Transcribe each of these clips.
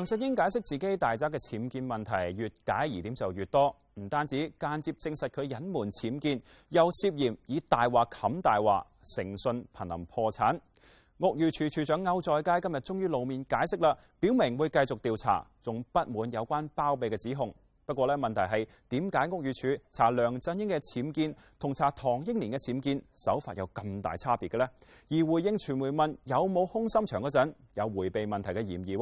梁振英解釋自己大宅嘅僭建問題，越解疑點就越多，唔單止間接證實佢隱瞞僭建，又涉嫌以大話冚大話，誠信瀕臨破產。屋宇署署長區載佳今日終於露面解釋啦，表明會繼續調查，仲不滿有關包庇嘅指控。不過呢，問題係點解屋宇署查梁振英嘅僭建同查唐英年嘅僭建手法有咁大差別嘅呢？而回應傳媒問有冇空心牆嗰陣，有迴避問題嘅嫌疑。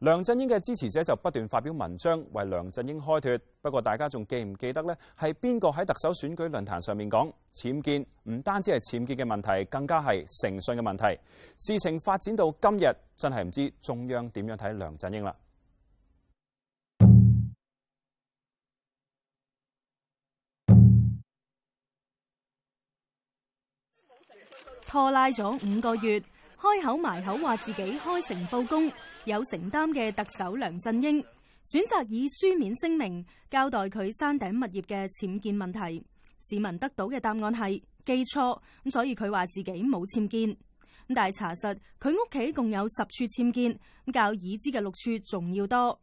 梁振英嘅支持者就不斷發表文章為梁振英開脫，不過大家仲記唔記得咧？係邊個喺特首選舉論壇上面講僭建？唔單止係僭建嘅問題，更加係誠信嘅問題。事情發展到今日，真係唔知中央點樣睇梁振英啦。拖拉咗五個月。開口埋口話自己開誠布公有承擔嘅特首梁振英選擇以書面聲明交代佢山頂物業嘅僭建問題，市民得到嘅答案係記錯咁，所以佢話自己冇僭建咁。但係查實佢屋企共有十處僭建，咁較已知嘅六處仲要多。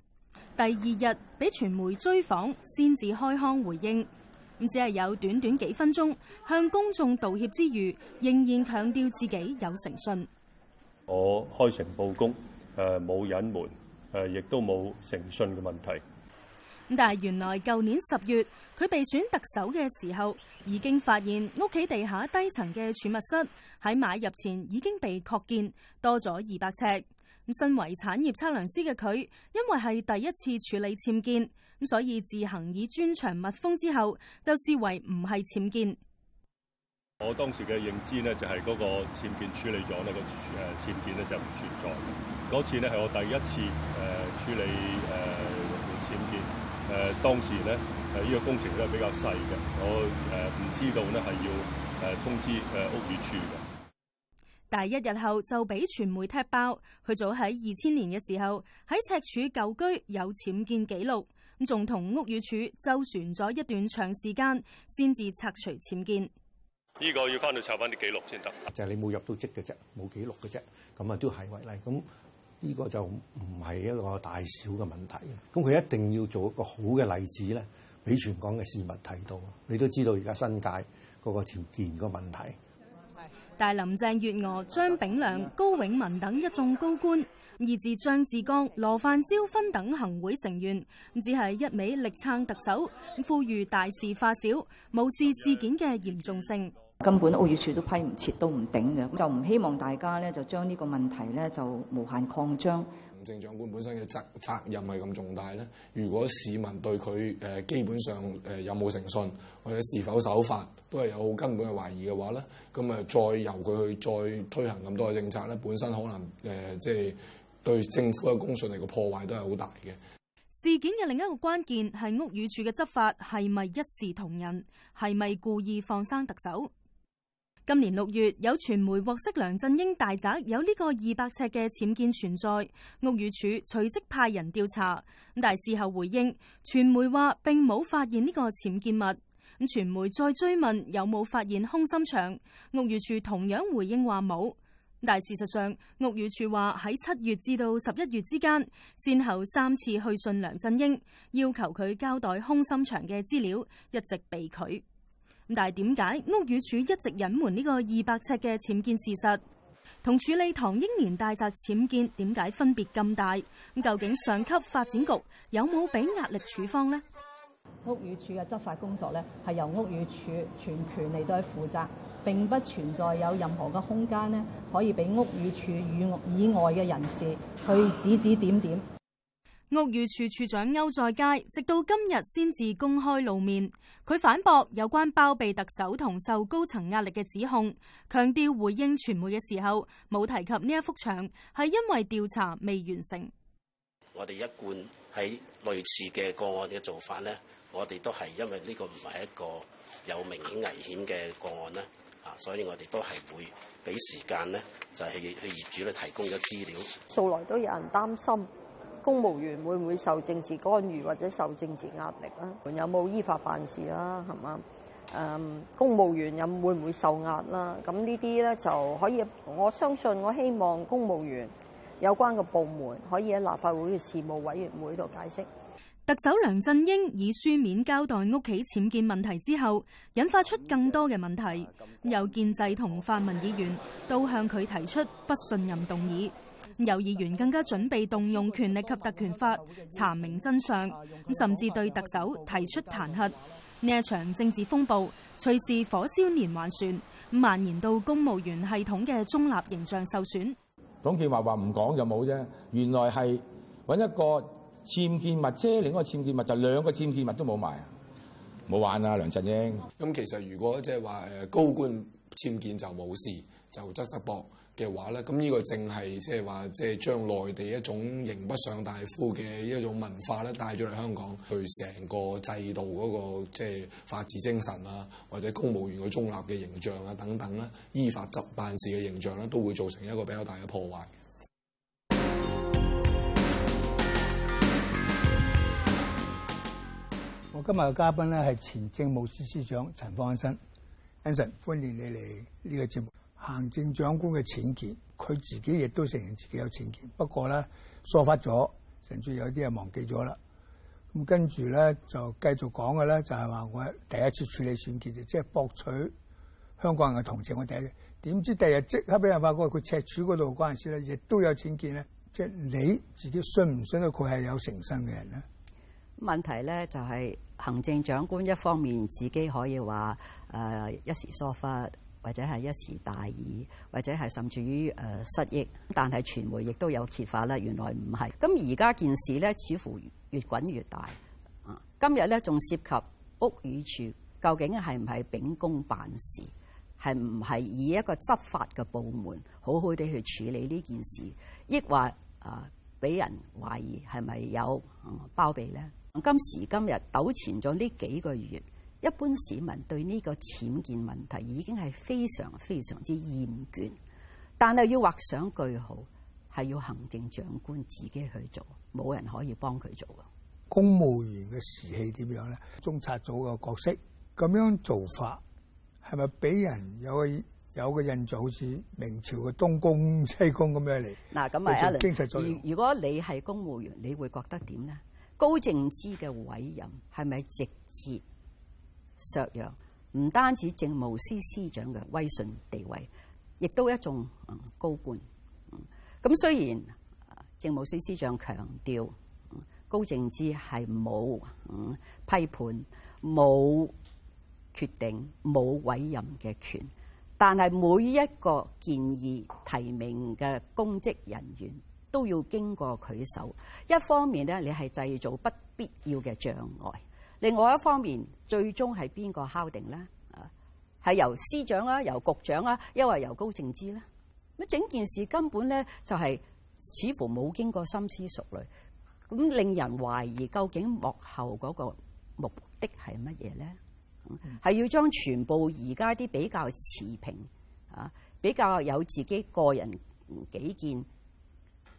第二日俾傳媒追訪，先至開腔回應咁，只係有短短幾分鐘向公眾道歉之餘，仍然強調自己有誠信。我開誠布公，誒冇隱瞞，誒亦都冇誠信嘅問題。咁但係原來舊年十月佢被選特首嘅時候，已經發現屋企地下低層嘅儲物室喺買入前已經被擴建多咗二百呎。咁身為產業測量師嘅佢，因為係第一次處理僭建，咁所以自行以專長密封之後，就視為唔係僭建。我當時嘅認知呢，就係嗰個僭建處理咗呢個誒僭建咧就唔存在。嗰次呢，係我第一次誒處理誒僭建，誒當時呢，誒呢個工程咧比較細嘅，我誒唔知道呢，係要誒通知誒屋宇署嘅。但一日後就俾傳媒踢爆，佢早喺二千年嘅時候喺赤柱舊居有僭建記錄，咁仲同屋宇署周旋咗一段長時間，先至拆除僭建。呢個要翻去查翻啲記錄先得，就係你冇入到職嘅啫，冇記錄嘅啫，咁啊都係違例。咁呢個就唔係一個大小嘅問題。咁佢一定要做一個好嘅例子咧，俾全港嘅市民睇到。你都知道而家新界嗰個條件個問題。但林鄭月娥、張炳良、高永文等一眾高官，以至張志剛、羅范椒芬等行會成員，只係一味力撐特首，呼籲大事化小，無視事件嘅嚴重性。根本屋宇署都批唔切，都唔頂嘅，就唔希望大家咧，就將呢個問題咧就無限擴張。行政長官本身嘅責責任係咁重大咧，如果市民對佢誒基本上誒有冇誠信，或者是否守法，都係有根本嘅懷疑嘅話咧，咁啊再由佢去再推行咁多嘅政策咧，本身可能誒即係對政府嘅公信力嘅破壞都係好大嘅。事件嘅另一個關鍵係屋宇署嘅執法係咪一視同仁，係咪故意放生特首？今年六月，有傳媒獲悉梁振英大宅有呢個二百尺嘅僭建存在，屋宇署隨即派人調查。但事後回應，傳媒話並冇發現呢個僭建物。咁傳媒再追問有冇發現空心牆，屋宇署同樣回應話冇。但事實上，屋宇署話喺七月至到十一月之間，先後三次去信梁振英，要求佢交代空心牆嘅資料，一直被拒。但係點解屋宇署一直隱瞞呢個二百呎嘅僭建事實，同處理唐英年大宅僭建點解分別咁大？咁究竟上級發展局有冇俾壓力處方呢？屋宇署嘅執法工作咧，係由屋宇署全權嚟到去負責，並不存在有任何嘅空間咧，可以俾屋宇署與以外嘅人士去指指點點。屋宇署署長區載佳，直到今日先至公開露面。佢反駁有關包庇特首同受高層壓力嘅指控，強調回應傳媒嘅時候冇提及呢一幅牆，係因為調查未完成。我哋一貫喺類似嘅個案嘅做法咧，我哋都係因為呢個唔係一個有明顯危險嘅個案咧，啊，所以我哋都係會俾時間咧，就係去業主咧提供咗資料。素來都有人擔心。公務員會唔會受政治干預或者受政治壓力啊？有冇依法辦事啦？係嘛？誒，公務員又會唔會受壓啦？咁呢啲咧就可以，我相信我希望公務員有關嘅部門可以喺立法會嘅事務委員會度解釋。特首梁振英以書面交代屋企僭建問題之後，引發出更多嘅問題，有建制同泛民議員都向佢提出不信任動議。有議員更加準備動用權力及特權法查明真相，咁甚至對特首提出彈劾。呢一場政治風暴隨時火燒連環船，蔓延到公務員系統嘅中立形象受損。董建華話：唔講就冇啫，原來係揾一個僭建物遮，另一個僭建物就兩個僭建物都冇埋，冇玩啦，梁振英。咁、嗯、其實如果即係話誒高官僭建就冇事，就執執博。嘅話咧，咁呢個正係即係話，即係將內地一種刑不上大夫嘅一種文化咧，帶咗嚟香港，去成個制度嗰、嗰個即係法治精神啊，或者公務員嘅中立嘅形象啊等等咧，依法執辦事嘅形象咧、啊，都會造成一個比較大嘅破壞。我今日嘅嘉賓咧係前政務司司長陳方安生，安生，歡迎你嚟呢個節目。行政長官嘅僭建，佢自己亦都承認自己有僭建，不過咧疏忽咗，甚至有啲嘢忘記咗啦。咁跟住咧就繼續講嘅咧，就係話我第一次處理僭建嘅，即係博取香港人嘅同情。我第一日，點知第二日即刻俾人發覺佢赤柱嗰度嗰陣時咧，亦都有僭建咧。即係你自己信唔信得佢係有誠心嘅人咧？問題咧就係行政長官一方面自己可以話誒，一時疏忽。或者係一時大意，或者係甚至於誒失憶，但係傳媒亦都有揭發啦。原來唔係，咁而家件事咧，似乎越滾越大。今日咧仲涉及屋宇署究竟係唔係秉公辦事，係唔係以一個執法嘅部門好好地去處理呢件事，抑或啊俾人懷疑係咪有包庇咧？今時今日糾纏咗呢幾個月。一般市民對呢個僭建問題已經係非常非常之厭倦，但係要畫上句號係要行政長官自己去做，冇人可以幫佢做。公務員嘅士氣點樣咧？中策組嘅角色咁樣做法係咪俾人有個有個印象，好似明朝嘅東宮西宮咁樣嚟嗱？咁啊，一嚟如如果你係公務員，你會覺得點咧？高靜芝嘅委任係咪直接？削弱唔單止政務司司長嘅威信地位，亦都一眾高官。咁、嗯、雖然政務司司長強調、嗯、高靜芝係冇批判、冇決定、冇委任嘅權，但係每一個建議提名嘅公職人員都要經過佢手。一方面咧，你係製造不必要嘅障礙。另外一方面，最終係邊個敲定咧？啊，係由司長啊、由局長啊，因為由高正之啦。咁整件事根本咧就係、是、似乎冇經過深思熟慮，咁令人懷疑究竟幕後嗰個目的係乜嘢咧？係要將全部而家啲比較持平啊，比較有自己個人己見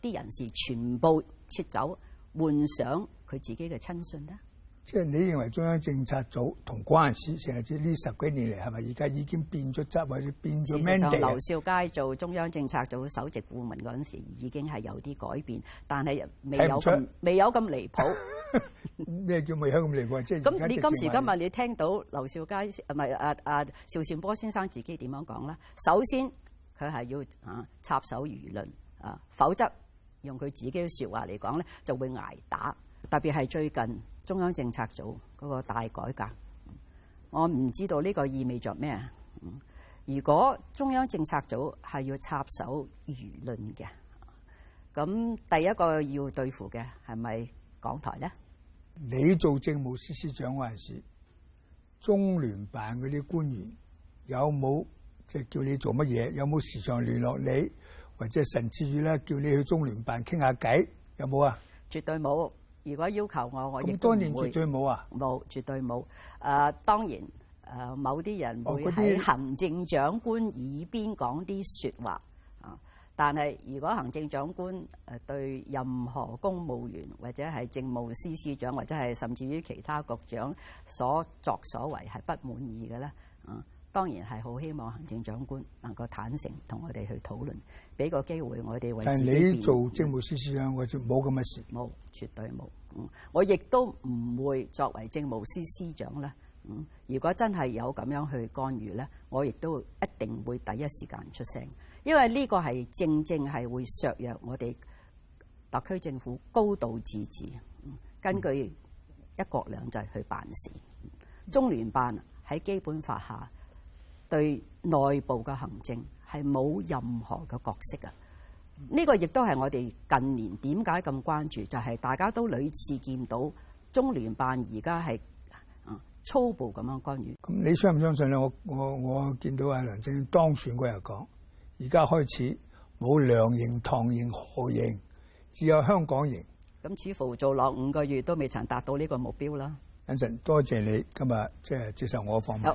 啲人士全部撤走，換上佢自己嘅親信咧？即係你認為中央政策組同嗰事，成日知呢十幾年嚟係咪而家已經變咗質或者變咗咩？a 劉兆佳做中央政策組首席顧問嗰陣時，已經係有啲改變，但係未有咁未有咁離譜。咩 叫未有咁離譜即係咁。 你今時今日你聽到劉兆佳唔係啊啊，啊邵善波先生自己點樣講咧？首先佢係要啊插手輿論啊，否則用佢自己嘅説話嚟講咧，就會捱打。特別係最近中央政策組嗰個大改革，我唔知道呢個意味着咩。如果中央政策組係要插手輿論嘅，咁第一個要對付嘅係咪港台咧？你做政務司司長嗰陣時，中聯辦嗰啲官員有冇即係叫你做乜嘢？有冇時常聯絡你，或者甚至於咧叫你去中聯辦傾下偈？有冇啊？絕對冇。如果要求我，我亦唔會，咁當然絕對冇啊！冇，絕對冇。誒、啊，當然誒、呃，某啲人會喺行政長官耳邊講啲説話啊。但係如果行政長官誒、啊、對任何公務員或者係政務司司長或者係甚至於其他局長所作所為係不滿意嘅咧，啊！當然係好希望行政長官能夠坦誠同我哋去討論，俾個機會我哋為自己。但係你做政務司司長，我冇咁嘅事。冇，絕對冇。嗯，我亦都唔會作為政務司司長咧。嗯，如果真係有咁樣去干預咧，我亦都一定會第一時間出聲，因為呢個係正正係會削弱我哋特區政府高度自治，嗯、根據一國兩制去辦事。嗯、中聯辦喺基本法下。對內部嘅行政係冇任何嘅角色嘅，呢個亦都係我哋近年點解咁關注，就係大家都屢次見到中聯辦而家係啊，粗暴咁樣干預。咁你相唔相信咧？我我我見到阿梁振英當選嗰日講，而家開始冇梁營、唐營、何營，只有香港營。咁似乎做落五個月都未曾達到呢個目標啦。Anson，多謝你今日即係接受我嘅訪問。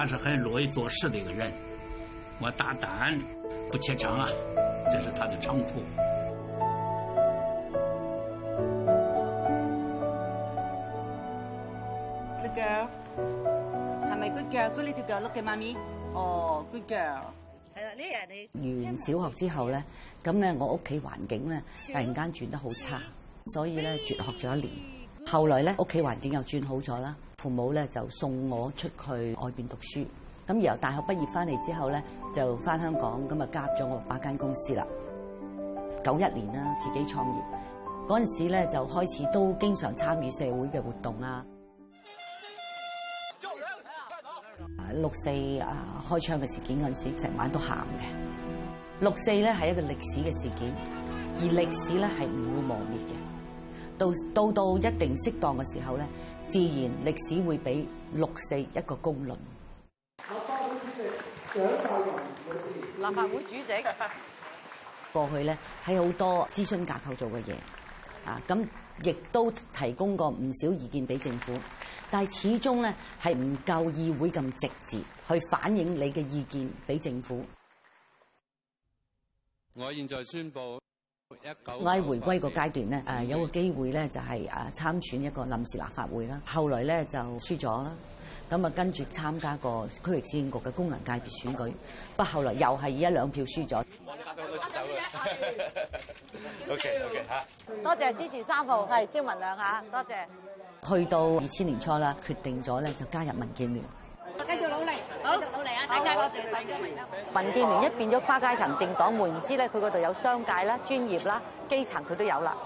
他是很樂於做事的一個人，我大膽，不怯場啊，這是他的長處。Good girl，係咪 Good girl？Good little girl，look at mummy。哦，Good girl。係啦，呢日你完小學之後咧，咁咧我屋企環境咧突然間轉得好差，所以咧絕學咗一年。後來咧屋企環境又轉好咗啦。父母咧就送我出去外邊讀書，咁然後大學畢業翻嚟之後咧就翻香港，咁啊加咗我八間公司啦。九一年啦自己創業，嗰陣時咧就開始都經常參與社會嘅活動啦。六四啊，開槍嘅事件嗰陣時，成晚都喊嘅。六四咧係一個歷史嘅事件，而歷史咧係唔會磨滅嘅。到到到一定適當嘅時候咧，自然歷史會俾六四一個公論。立法會主席。過去咧喺好多諮詢架構做嘅嘢啊，咁亦都提供過唔少意見俾政府，但係始終咧係唔夠議會咁直接去反映你嘅意見俾政府。我現在宣布。喺回歸個階段咧，誒有個機會咧就係誒參選一個臨時立法會啦。後來咧就輸咗啦，咁啊跟住參加個區域市政局嘅工人界別選舉，不過後來又係以一兩票輸咗。 OK OK，多謝支持三號，係、嗯、招文兩下，多謝。去到二千年初啦，決定咗咧就加入民建聯，我繼續努力。好嚟啊！我、哦、我民建聯，一變咗跨階層政黨，冇人唔知咧，佢嗰度有商界啦、專業啦、基層佢都有啦。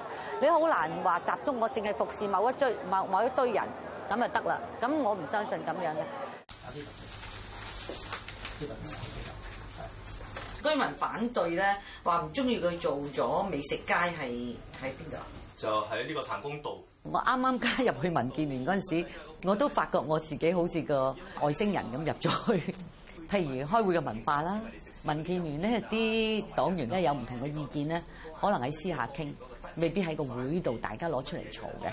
你好難話集中，我淨係服侍某一堆某某一堆人咁就得啦。咁我唔相信咁樣嘅。居民反對咧，話唔中意佢做咗美食街，係喺邊度啊？就喺呢個譚公道。我啱啱加入去民建聯嗰陣時，我都發覺我自己好似個外星人咁入咗去。譬如開會嘅文化啦，民建聯呢啲黨員咧有唔同嘅意見咧，可能喺私下傾，未必喺個會度大家攞出嚟嘈嘅。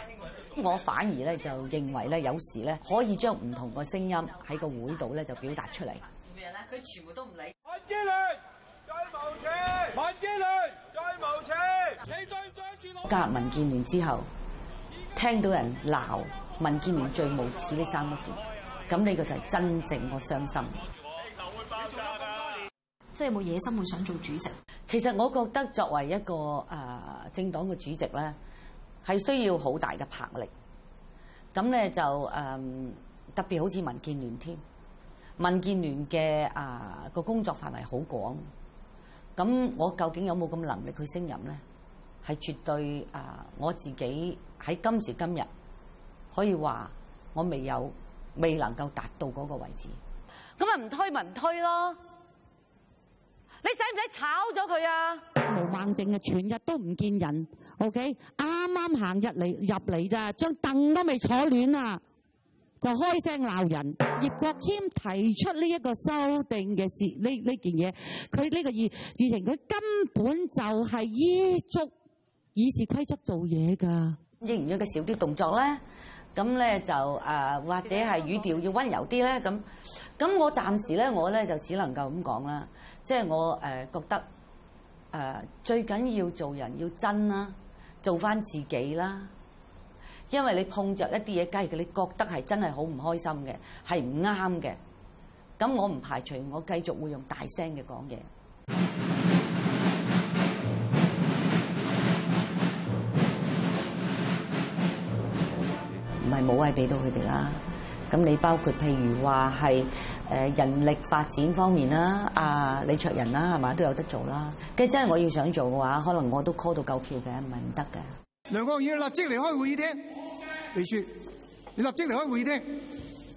我反而咧就認為咧，有時咧可以將唔同嘅聲音喺個會度咧就表達出嚟。咩咧？佢全部都唔理。民建聯再無恥！民建聯再無恥！你再追住我。加入民建聯之後。聽到人鬧民建聯最無恥呢三個字，咁呢個就係真正我傷心。你哋都會爆炸嘅。即係有冇野心去想做主席？其實我覺得作為一個誒、呃、政黨嘅主席咧，係需要好大嘅魄力。咁咧就誒、呃、特別好似民建聯添，民建聯嘅啊個工作範圍好廣。咁我究竟有冇咁能力去升任咧？係絕對啊、呃！我自己喺今時今日可以話，我未有未能夠達到嗰個位置。咁啊唔推咪唔推咯！你使唔使炒咗佢啊？毛孟靜啊，全日都唔見人。OK，啱啱行入嚟入嚟咋，張凳都未坐暖啊，就開聲鬧人。葉國謙提出呢一個修訂嘅事，呢呢件嘢，佢呢個意意情，佢根本就係依足。以示規則做嘢㗎，應唔應該少啲動作咧？咁咧就誒、呃，或者係語調要溫柔啲咧？咁咁，那我暫時咧，我咧就只能夠咁講啦。即、就、係、是、我誒、呃、覺得誒、呃、最緊要做人要真啦，做翻自己啦。因為你碰着一啲嘢，假如你覺得係真係好唔開心嘅，係唔啱嘅，咁我唔排除我繼續會用大聲嘅講嘢。冇位俾到佢哋啦，咁你包括譬如話係誒人力發展方面啦，啊，李卓人啦，係嘛都有得做啦。即係真係我要想做嘅話，可能我都 call 到夠票嘅，唔係唔得嘅。梁國雄立即離開會議廳，李柱，你立即離開會議廳。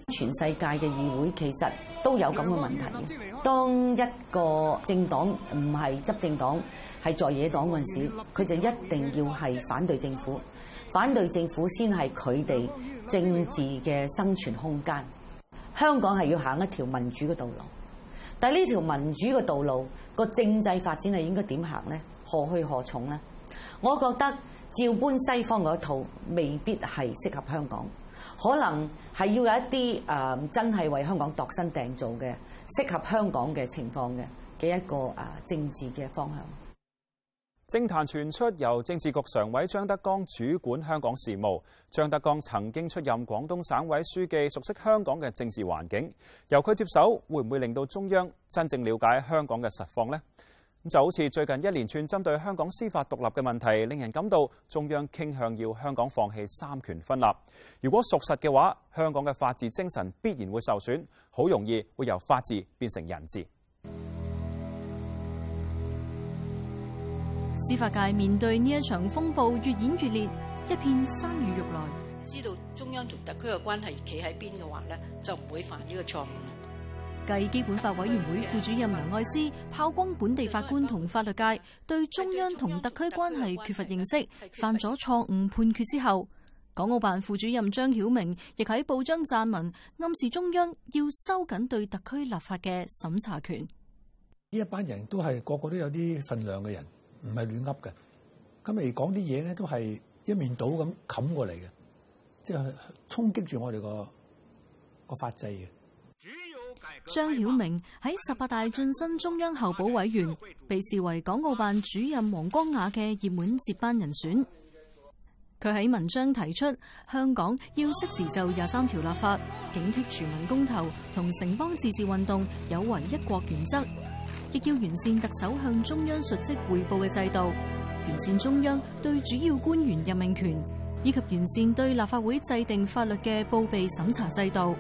全世界嘅議會其實都有咁嘅問題嘅。當一個政黨唔係執政黨，係在野黨嗰陣時候，佢就一定要係反對政府。反對政府先係佢哋政治嘅生存空間，香港係要行一條民主嘅道、道路，但係呢條民主嘅道路個政制發展係應該點行咧？何去何從咧？我覺得照搬西方嗰一套未必係適合香港，可能係要有一啲誒真係為香港度身訂做嘅適合香港嘅情況嘅嘅一個誒政治嘅方向。政壇傳出由政治局常委張德江主管香港事務。張德江曾經出任廣東省委書記，熟悉香港嘅政治環境。由佢接手，會唔會令到中央真正了解香港嘅實況呢？就好似最近一連串針對香港司法獨立嘅問題，令人感到中央傾向要香港放棄三權分立。如果屬實嘅話，香港嘅法治精神必然會受損，好容易會由法治變成人治。司法界面對呢一場風暴越演越烈，一片山雨欲來。知道中央同特區嘅關係企喺邊嘅話呢，就唔會犯呢個錯誤。繼基本法委員會副主任梁愛詩炮轟本地法官同法律界對中央同特區關係缺乏認識，犯咗錯誤判決之後，港澳辦副主任張曉明亦喺報章撰文，暗示中央要收緊對特區立法嘅審查權。呢一班人都係個個都有啲份量嘅人。唔係亂噏嘅，今日講啲嘢呢，都係一面倒咁冚過嚟嘅，即係衝擊住我哋個個法制嘅。張曉明喺十八大晉身中央候補委員，被視為港澳辦主任王光亞嘅熱門接班人選。佢喺文章提出，香港要適時就廿三條立法，警惕全民公投同城邦自治運動有違一國原則。亦要完善特首向中央述職匯報嘅制度，完善中央對主要官員任命權，以及完善對立法會制定法律嘅報備審查制度。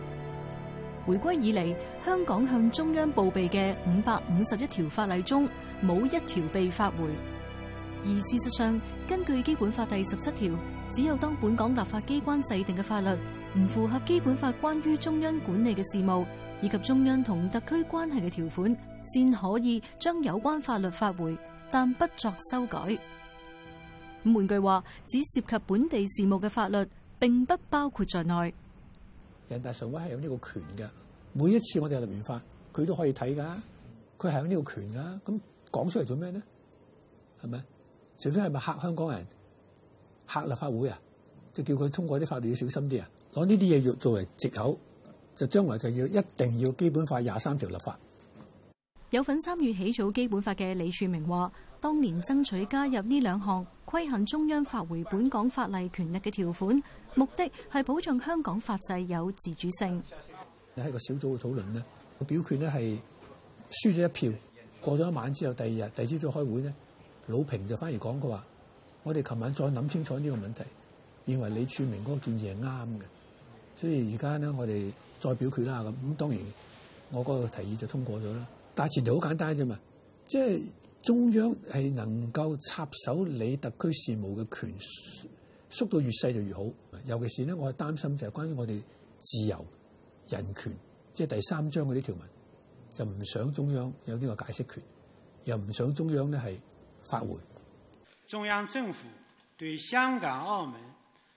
回歸以嚟，香港向中央報備嘅五百五十一條法例中，冇一條被發回。而事實上，根據基本法第十七條，只有當本港立法機關制定嘅法律唔符合基本法關於中央管理嘅事務以及中央同特區關係嘅條款。先可以將有關法律發回，但不作修改。換句話，只涉及本地事務嘅法律並不包括在內。人大常委係有呢個權嘅。每一次我哋立完法，佢都可以睇噶，佢係有呢個權噶。咁講出嚟做咩呢？係咪？除非係咪嚇香港人、嚇立法會啊？就叫佢通過啲法律要小心啲啊！攞呢啲嘢要作為藉口，就將來就要一定要基本法廿三條立法。有份參與起草基本法嘅李柱銘話：當年爭取加入呢兩項規限中央發回本港法例權力嘅條款，目的係保障香港法制有自主性。你喺個小組嘅討論呢個表決呢，係輸咗一票，過咗一晚之後，第二日第二朝早開會呢老平就反而講佢話：我哋琴晚再諗清楚呢個問題，認為李柱銘嗰個建議係啱嘅，所以而家呢，我哋再表決啦。咁，咁當然我嗰個提議就通過咗啦。大前提好簡單啫嘛，即係中央係能夠插手你特區事務嘅權縮到越細就越好。尤其是咧，我係擔心就係關於我哋自由人權，即係第三章嗰啲條文，就唔想中央有呢個解釋權，又唔想中央咧係發回。中央政府對香港、澳門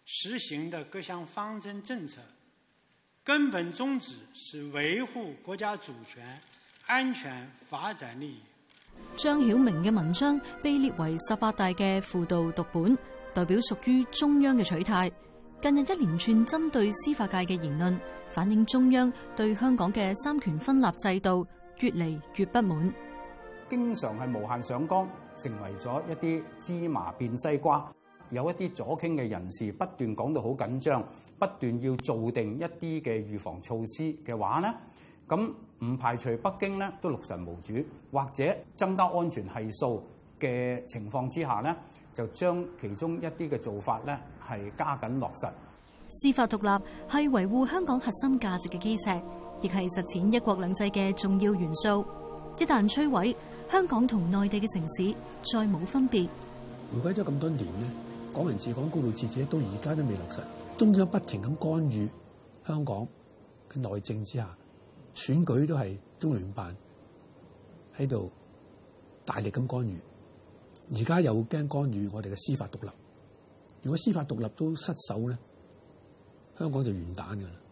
實行嘅各項方針政策，根本宗旨是維護國家主權。安全發展利益。張曉明嘅文章被列為十八大嘅輔導讀本，代表屬於中央嘅取態。近日一連串針對司法界嘅言論，反映中央對香港嘅三權分立制度越嚟越不滿。經常係無限上綱，成為咗一啲芝麻變西瓜。有一啲左傾嘅人士不斷講到好緊張，不斷要做定一啲嘅預防措施嘅話呢？咁唔排除北京咧都六神無主，或者增加安全係數嘅情況之下咧，就將其中一啲嘅做法咧係加緊落實。司法獨立係維護香港核心價值嘅基石，亦係實踐一國兩制嘅重要元素。一旦摧毀，香港同內地嘅城市再冇分別，回歸咗咁多年咧，港人治港、高度自治到而家都未落實，中央不停咁干預香港嘅內政之下。選舉都係中聯辦喺度大力咁干預，而家又驚干預我哋嘅司法獨立。如果司法獨立都失守咧，香港就完蛋噶啦。